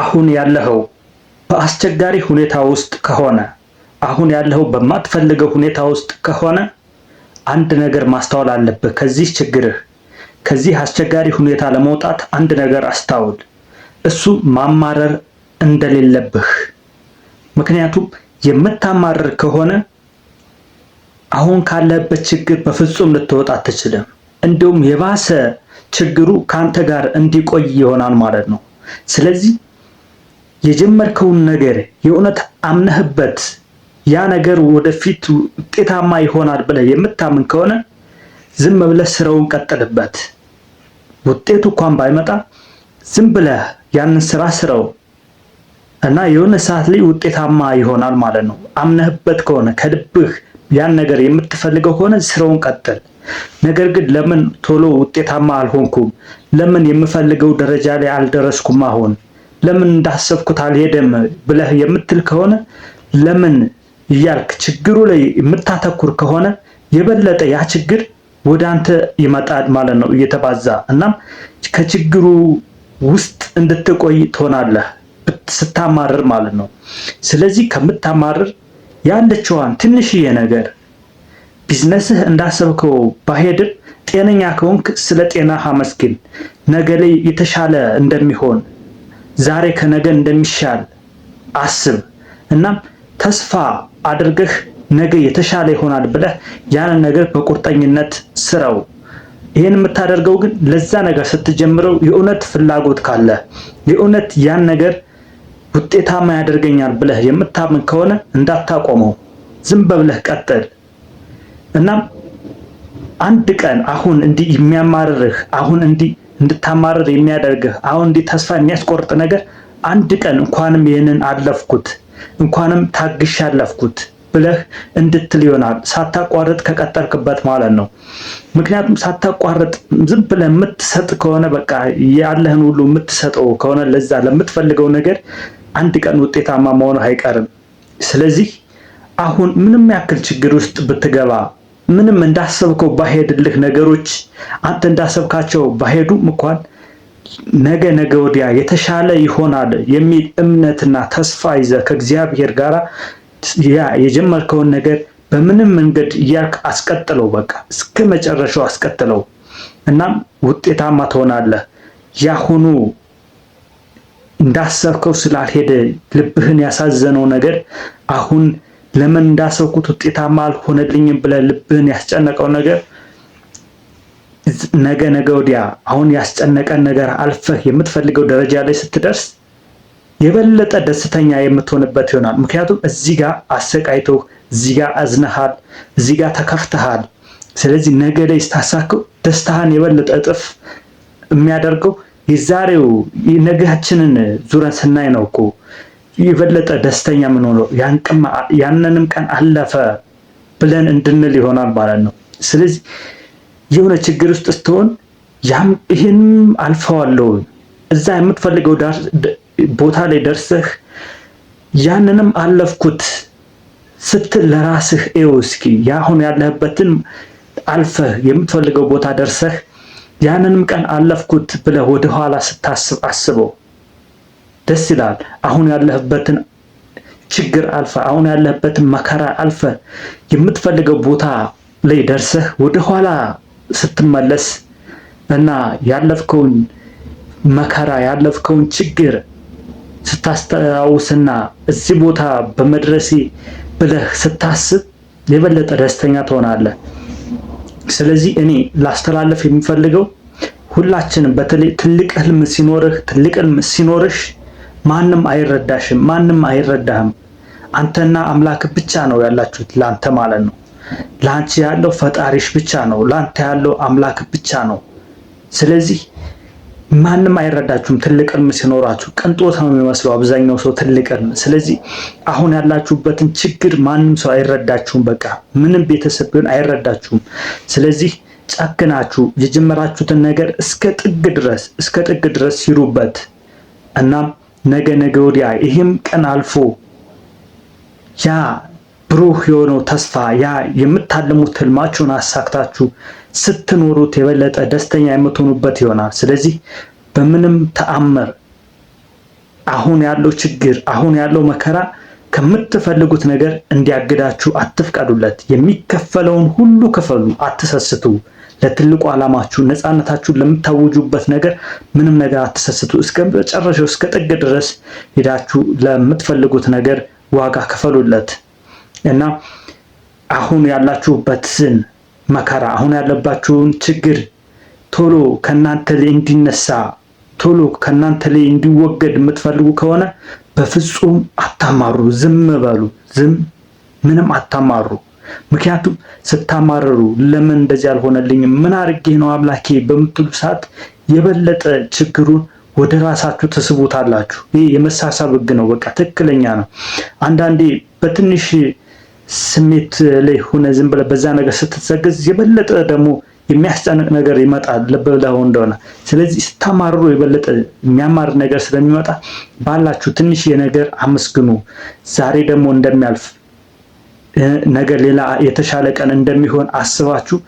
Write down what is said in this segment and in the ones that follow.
አሁን ያለኸው በአስቸጋሪ ሁኔታ ውስጥ ከሆነ አሁን ያለኸው በማትፈልገው ሁኔታ ውስጥ ከሆነ አንድ ነገር ማስተዋል አለብህ። ከዚህ ችግርህ ከዚህ አስቸጋሪ ሁኔታ ለመውጣት አንድ ነገር አስታውል። እሱ ማማረር እንደሌለብህ። ምክንያቱም የምታማርር ከሆነ አሁን ካለበት ችግር በፍጹም ልትወጣ አትችልም። እንዲሁም የባሰ ችግሩ ካንተ ጋር እንዲቆይ ይሆናል ማለት ነው። ስለዚህ የጀመርከውን ነገር የእውነት አምነህበት ያ ነገር ወደፊት ውጤታማ ይሆናል ብለህ የምታምን ከሆነ ዝም ብለህ ስራውን ቀጥልበት። ውጤቱ እንኳን ባይመጣ ዝም ብለህ ያንን ስራ ስራው እና የሆነ ሰዓት ላይ ውጤታማ ይሆናል ማለት ነው። አምነህበት ከሆነ ከልብህ ያን ነገር የምትፈልገው ከሆነ ስራውን ቀጥል። ነገር ግን ለምን ቶሎ ውጤታማ አልሆንኩም፣ ለምን የምፈልገው ደረጃ ላይ አልደረስኩም አሁን ለምን እንዳሰብኩት አልሄደም ብለህ የምትል ከሆነ ለምን እያልክ ችግሩ ላይ የምታተኩር ከሆነ የበለጠ ያ ችግር ወደ አንተ ይመጣል ማለት ነው እየተባዛ እናም ከችግሩ ውስጥ እንድትቆይ ትሆናለህ ስታማርር ማለት ነው። ስለዚህ ከምታማርር ያለችዋን ትንሽዬ ነገር ቢዝነስህ እንዳሰብከው ባሄድም ጤነኛ ከሆንክ ስለ ጤና አመስግን። ነገ ላይ የተሻለ እንደሚሆን ዛሬ ከነገ እንደሚሻል አስብ። እናም ተስፋ አድርገህ ነገ የተሻለ ይሆናል ብለህ ያንን ነገር በቁርጠኝነት ስራው። ይህን የምታደርገው ግን ለዛ ነገር ስትጀምረው የእውነት ፍላጎት ካለ የእውነት ያን ነገር ውጤታማ ያደርገኛል ብለህ የምታምን ከሆነ እንዳታቆመው፣ ዝም በብለህ ቀጥል። እናም አንድ ቀን አሁን እንዲህ የሚያማርርህ አሁን እንዲህ እንድታማርር የሚያደርግህ አሁን እንዲህ ተስፋ የሚያስቆርጥ ነገር አንድ ቀን እንኳንም ይህንን አለፍኩት እንኳንም ታግሽ አለፍኩት ብለህ እንድትል ይሆናል። ሳታቋርጥ ከቀጠልክበት ማለት ነው። ምክንያቱም ሳታቋርጥ ዝም ብለህ የምትሰጥ ከሆነ በቃ ያለህን ሁሉ የምትሰጠው ከሆነ ለዛ ለምትፈልገው ነገር አንድ ቀን ውጤታማ መሆኑ አይቀርም። ስለዚህ አሁን ምንም ያክል ችግር ውስጥ ብትገባ ምንም እንዳሰብከው ባሄድልህ ነገሮች አንተ እንዳሰብካቸው ባሄዱም እንኳን ነገ ነገ ወዲያ የተሻለ ይሆናል የሚል እምነትና ተስፋ ይዘ ከእግዚአብሔር ጋር ያ የጀመርከውን ነገር በምንም መንገድ እያልክ አስቀጥለው፣ በቃ እስከ መጨረሻው አስቀጥለው። እናም ውጤታማ ትሆናለህ። ያሁኑ እንዳሰብከው ስላልሄደ ልብህን ያሳዘነው ነገር አሁን ለምን እንዳሰብኩት ውጤታማ አልሆነልኝም ብለህ ልብህን ያስጨነቀው ነገር ነገ ነገ ወዲያ አሁን ያስጨነቀን ነገር አልፈህ የምትፈልገው ደረጃ ላይ ስትደርስ የበለጠ ደስተኛ የምትሆንበት ይሆናል። ምክንያቱም እዚህ ጋር አሰቃይቶ እዚህ ጋር አዝነሃል፣ እዚህ ጋር ተከፍተሃል። ስለዚህ ነገ ላይ ስታሳከው ደስታህን የበለጠ እጥፍ የሚያደርገው የዛሬው ነገችንን ዙረን ስናይ ነው እኮ የበለጠ ደስተኛ የምንሆነው ያንንም ቀን አለፈ ብለን እንድንል ይሆናል ማለት ነው። ስለዚህ የሆነ ችግር ውስጥ ስትሆን ይህን ይህንም አልፈዋለሁ እዛ የምትፈልገው ቦታ ላይ ደርሰህ ያንንም አለፍኩት ስትል ለራስህ ኤው እስኪ ያሁን ያለህበትን አልፈህ የምትፈልገው ቦታ ደርሰህ ያንንም ቀን አለፍኩት ብለህ ወደኋላ ስታስብ አስበው። ደስ ይላል። አሁን ያለህበትን ችግር አልፈ አሁን ያለህበትን መከራ አልፈ የምትፈልገው ቦታ ላይ ደርሰህ ወደኋላ ስትመለስ እና ያለፍከውን መከራ ያለፍከውን ችግር ስታስታውስና እዚህ ቦታ በመድረሴ ብለህ ስታስብ የበለጠ ደስተኛ ትሆናለህ። ስለዚህ እኔ ላስተላለፍ የሚፈልገው ሁላችንም በተለይ ትልቅ ህልም ሲኖርህ ትልቅ ህልም ሲኖርሽ ማንም አይረዳሽም፣ ማንም አይረዳህም። አንተና አምላክ ብቻ ነው ያላችሁት፣ ላንተ ማለት ነው። ላንቺ ያለው ፈጣሪሽ ብቻ ነው፣ ላንተ ያለው አምላክ ብቻ ነው። ስለዚህ ማንም አይረዳችሁም። ትልቅ ህልም ሲኖራችሁ ቅንጦት ነው የሚመስለው አብዛኛው ሰው ትልቅ ህልም። ስለዚህ አሁን ያላችሁበትን ችግር ማንም ሰው አይረዳችሁም። በቃ ምንም ቤተሰብ ቢሆን አይረዳችሁም። ስለዚህ ጨክናችሁ የጀመራችሁትን ነገር እስከ ጥግ ድረስ እስከ ጥግ ድረስ ሲሩበት እናም ነገ ነገ ወዲያ ይህም ቀን አልፎ ያ ብሩህ የሆነው ተስፋ ያ የምታልሙት ህልማችሁን አሳክታችሁ ስትኖሩት የበለጠ ደስተኛ የምትሆኑበት ይሆናል። ስለዚህ በምንም ተአምር አሁን ያለው ችግር አሁን ያለው መከራ ከምትፈልጉት ነገር እንዲያግዳችሁ አትፍቀዱለት። የሚከፈለውን ሁሉ ክፈሉ፣ አትሰስቱ። ለትልቁ ዓላማችሁ ነፃነታችሁን ለምታወጁበት ነገር ምንም ነገር አትሰስቱ። እስከ መጨረሻው እስከ ጥግ ድረስ ሄዳችሁ ለምትፈልጉት ነገር ዋጋ ክፈሉለት እና አሁን ያላችሁበትን መከራ አሁን ያለባችሁን ችግር ቶሎ ከእናንተ ላይ እንዲነሳ ቶሎ ከእናንተ ላይ እንዲወገድ የምትፈልጉ ከሆነ በፍጹም አታማሩ። ዝም በሉ። ዝም ምንም አታማሩ። ምክንያቱም ስታማረሩ ለምን እንደዚህ አልሆነልኝም፣ ምን አድርጌ ነው አምላኬ በምትሉ ሰዓት የበለጠ ችግሩን ወደ ራሳችሁ ትስቡታላችሁ። ይህ የመሳሳብ ህግ ነው። በቃ ትክክለኛ ነው። አንዳንዴ በትንሽ ስሜት ላይ ሆነ ዝም ብለህ በዛ ነገር ስትዘግዝ የበለጠ ደግሞ የሚያስጨንቅ ነገር ይመጣል። ልብ ብለህ እንደሆነ ስለዚህ ስታማርሩ የበለጠ የሚያማር ነገር ስለሚመጣ ባላችሁ ትንሽ የነገር አመስግኑ። ዛሬ ደግሞ እንደሚያልፍ ነገ ሌላ የተሻለ ቀን እንደሚሆን አስባችሁ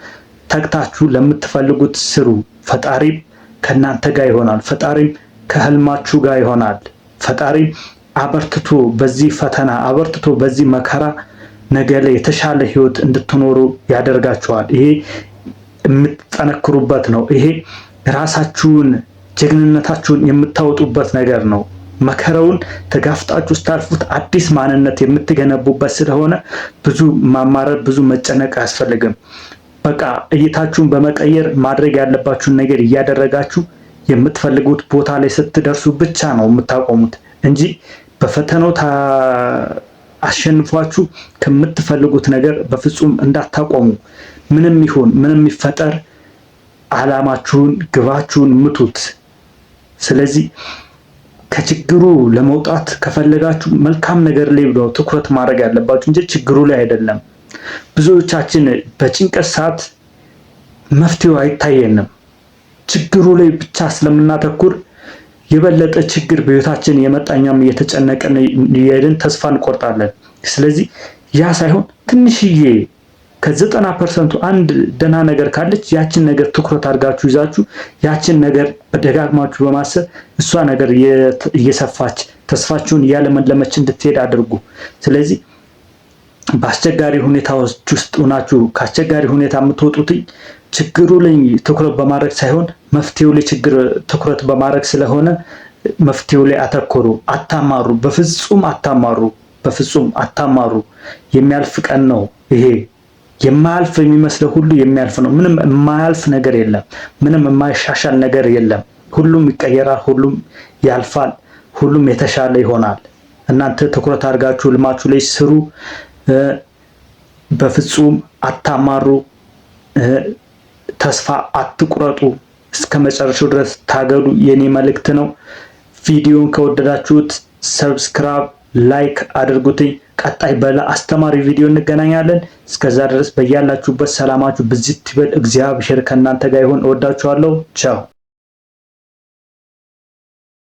ተግታችሁ ለምትፈልጉት ስሩ። ፈጣሪም ከእናንተ ጋር ይሆናል። ፈጣሪም ከህልማችሁ ጋር ይሆናል። ፈጣሪም አበርትቶ በዚህ ፈተና አበርትቶ በዚህ መከራ ነገ ላይ የተሻለ ህይወት እንድትኖሩ ያደርጋችኋል። ይሄ የምትጠነክሩበት ነው። ይሄ ራሳችሁን ጀግንነታችሁን የምታወጡበት ነገር ነው። መከራውን ተጋፍጣችሁ ስታልፉት አዲስ ማንነት የምትገነቡበት ስለሆነ ብዙ ማማረር፣ ብዙ መጨነቅ አያስፈልግም። በቃ እይታችሁን በመቀየር ማድረግ ያለባችሁን ነገር እያደረጋችሁ የምትፈልጉት ቦታ ላይ ስትደርሱ ብቻ ነው የምታቆሙት እንጂ በፈተናው አሸንፏችሁ ከምትፈልጉት ነገር በፍጹም እንዳታቆሙ። ምንም ይሁን ምንም ይፈጠር፣ አላማችሁን ግባችሁን ምቱት። ስለዚህ ከችግሩ ለመውጣት ከፈለጋችሁ መልካም ነገር ላይ ብለው ትኩረት ማድረግ ያለባችሁ እንጂ ችግሩ ላይ አይደለም። ብዙዎቻችን በጭንቀት ሰዓት መፍትሄው አይታየንም። ችግሩ ላይ ብቻ ስለምናተኩር የበለጠ ችግር በህይወታችን የመጣኛም እየተጨነቀን የሄድን ተስፋ እንቆርጣለን። ስለዚህ ያ ሳይሆን ትንሽዬ ከዘጠና ፐርሰንቱ አንድ ደህና ነገር ካለች ያችን ነገር ትኩረት አድርጋችሁ ይዛችሁ ያችን ነገር በደጋግማችሁ በማሰብ እሷ ነገር እየሰፋች ተስፋችሁን እያለመለመች እንድትሄድ አድርጉ። ስለዚህ በአስቸጋሪ ሁኔታዎች ውስጥ ሆናችሁ ከአስቸጋሪ ሁኔታ የምትወጡትኝ ችግሩ ላይ ትኩረት በማድረግ ሳይሆን መፍትሄው ላይ ችግር ትኩረት በማድረግ ስለሆነ መፍትሄው ላይ አተኮሩ። አታማሩ፣ በፍጹም አታማሩ፣ በፍጹም አታማሩ። የሚያልፍ ቀን ነው ይሄ። የማያልፍ የሚመስለው ሁሉ የሚያልፍ ነው። ምንም የማያልፍ ነገር የለም። ምንም የማይሻሻል ነገር የለም። ሁሉም ይቀየራል። ሁሉም ያልፋል። ሁሉም የተሻለ ይሆናል። እናንተ ትኩረት አድርጋችሁ ልማችሁ ላይ ስሩ። በፍጹም አታማሩ። ተስፋ አትቁረጡ። እስከ መጨረሻው ድረስ ታገሉ። የኔ መልእክት ነው። ቪዲዮን ከወደዳችሁት ሰብስክራይብ ላይክ አድርጉትኝ። ቀጣይ በላ አስተማሪ ቪዲዮ እንገናኛለን። እስከዛ ድረስ በያላችሁበት ሰላማችሁ ብዝት ይበል። እግዚአብሔር ከእናንተ ጋር ይሁን። እወዳችኋለሁ። ቻው